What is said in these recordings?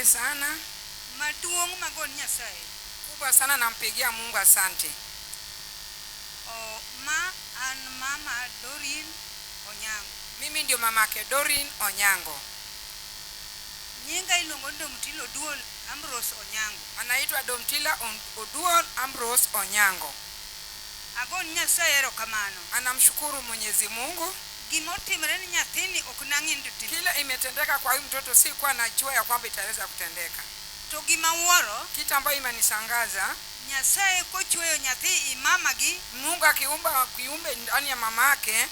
asante sana maduong' magon nyasaye kubwa sana nampigia mungu asante Oh, ma an mama dorin onyango mimi ndio mamake dorin onyango nyinga iluongo ni domtilo Duol ambrose onyango anaitwa domtila oduol ambrose onyango agon nyasaye ero kamano anamshukuru mwenyezi mungu gimotimore ni nyathini ok nang'indu timo kile imetendeka kwa huyu mtoto kwa najua ya kwamba itaweza kutendeka to gima wuoro kitu ambayo imenishangaza nyasaye kochweyo nyathi imamagi mungu akiumba kiumbe ndani ya mama yake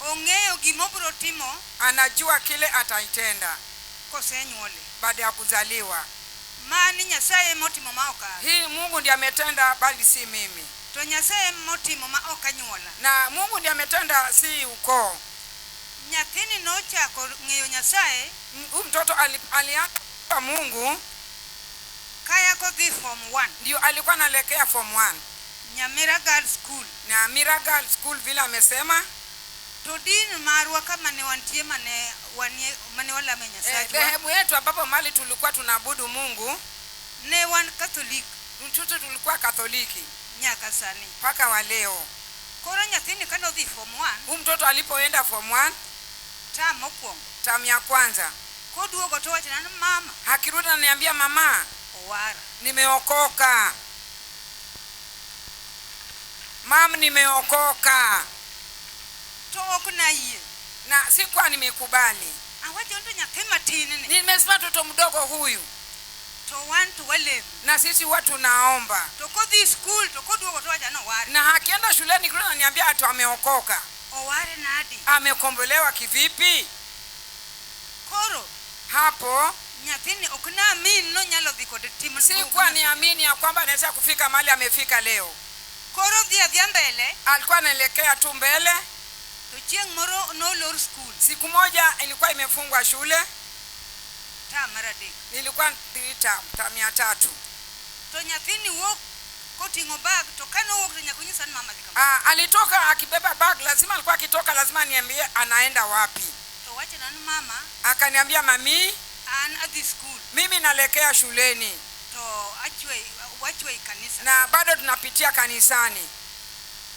ong'eyo gimobiro timo anajua kile ataitenda kosenyuole baada ya kuzaliwa mani nyasaye emotimo maoka hii mungu ndiye ametenda bali si mimi to Nyasaye motimo ma ok anyuola na Mungu ndiye ametenda, si ukoo. Nyathini nochako ng'eyo Nyasaye, huyu mtoto alianza kwa Mungu kaya kodhi form 1 ndio alikuwa nalekea form 1 Nyamira girl School, Nyamira girl School vile amesema to din marwa kama ne wantie mane wanie mane walame Nyasaye. Eh, dhehebu eh, yetu ambapo mali tulikuwa tunaabudu Mungu ne wan Catholic, mtoto tulikuwa Katholiki nyaka sani mpaka wa leo koro nyathini kane odhi form one hu mtoto alipoenda form one tam mokwongo tam ya kwanza koduogo towachona ni mama hakirudi ananiambia mama owara nimeokoka mam nimeokoka to ok nayie na sikuwa nimekubali awacho nto nyathi matin ni nimesema toto mdogo huyu To wale. Na sisi huwa tunaomba na akienda shuleni kule ananiambia hatu ameokoka, amekombolewa kivipi? Koro hapo sikuwa ni amini ya kwamba anaweza kufika mali amefika leo. Koro dhia dhia mbele, alikuwa anaelekea tu mbele. Siku moja ilikuwa imefungwa shule term mar adek nilikuwa three term term ya tatu to nyathini wuok koting'o bag to kane owuok to nyaka onyisa ni mama dhi kama ah, alitoka akibeba bag lazima alikuwa akitoka lazima niambie anaenda wapi to wache ni mama akaniambia mami an adhi school mimi nalekea shuleni to achwe wachwe kanisa na bado tunapitia kanisani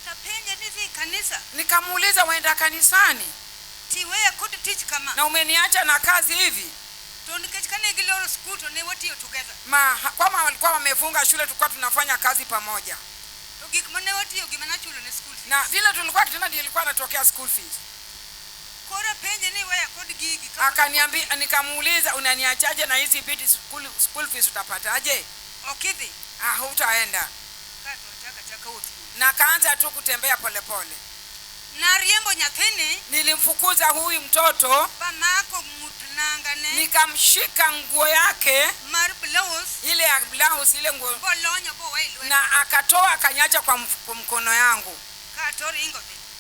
tapenje nidhi kanisa nikamuuliza waenda kanisani tiweye kod tich kama na umeniacha na kazi hivi to nikech kane giloro skul to together ma kwama walikuwa wamefunga shule tulikuwa tunafanya kazi pamoja to gik mane watiyo gima nachulo ne skul na vile tulikuwa kitenda ndiye ilikuwa anatokea school fees kora penje ni waya kodi gigi akaniambia nikamuuliza unaniachaje na hizi biti school, school fees utapataje okidhi ah hutaenda na kaanza tu kutembea polepole pole. na riembo nyathini nilimfukuza huyu mtoto bamako mutu akamshika nguo yake mar blouse, ile ya blouse ile nguo na akatoa akanyacha kwa mkono yangu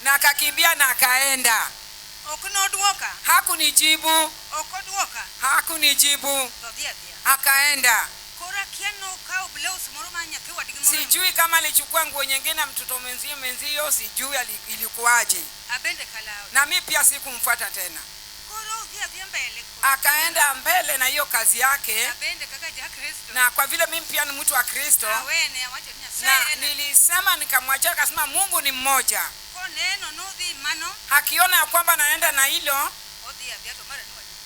na akakimbia na akaenda. Hakunijibu, hakunijibu, akaenda. Sijui kama alichukua nguo nyingine mtoto mwenzio mwenzio sijui ilikuwaje, na mi pia sikumfuata tena akaenda mbele na hiyo kazi yake, na kwa vile mimi pia ni mtu wa Kristo na nilisema nikamwachia, akasema Mungu ni mmoja. Akiona ya kwamba naenda na hilo,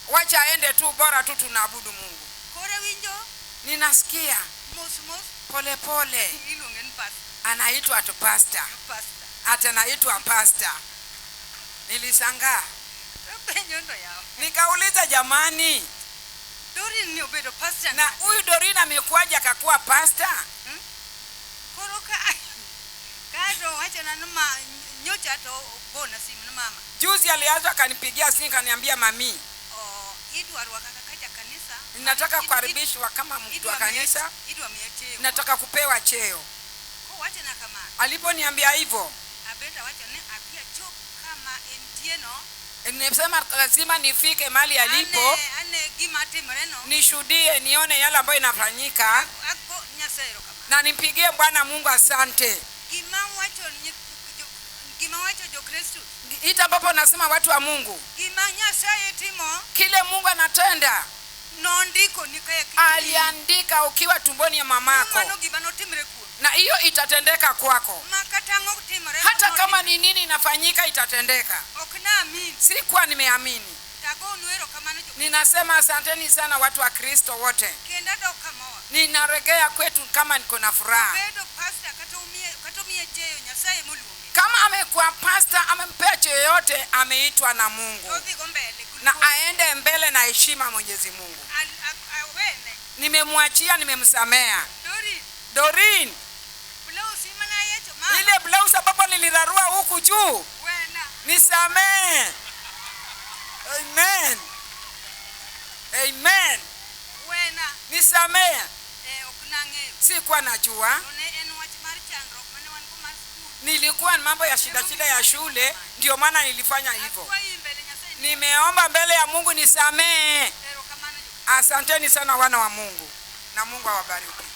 wacha aende tu, bora tu tunaabudu Mungu. Ninasikia polepole anaitwa tu pasta, atanaitwa pasta, nilishangaa Nikauliza, jamani, Dorin ni obedo pastor na huyu Dorin amekuwaje akakuwa pastor? Hmm? Koroka kado wacha na numa nyota to bona simu na mama. Juzi alianza akanipigia simu kaniambia mami. Oh, kanisa. Nataka kukaribishwa kama mtu wa kanisa. Nataka kupewa cheo. wacha na kama. Aliponiambia hivyo. Abeta wacha apia kama nimesema lazima nifike mali alipo nishuhudie, nione yale ambayo inafanyika na nimpigie Bwana Mungu asante. Ita ambapo nasema watu wa Mungu, kile Mungu anatenda aliandika ukiwa tumboni ya mamako na hiyo itatendeka kwako, hata kama ni nini inafanyika, itatendeka. Sikuwa nimeamini. Ninasema asanteni sana watu wa Kristo wote, ninaregea kwetu kama niko na furaha. Kama amekuwa pasta, amempea cheo yote, ameitwa na Mungu na aende mbele na heshima Mwenyezi Mungu. Nimemwachia, nimemsamea Dorin ile blouse ambapo nilirarua huku juu. Nisamehe. Amen. Amen. Wena. Nisamehe. Eh, okunange. Sikuwa najua. Nilikuwa mambo ya shida shida ya shule ndio maana nilifanya hivyo. Nimeomba mbele ya Mungu nisamee. Asanteni sana wana wa Mungu na Mungu awabariki.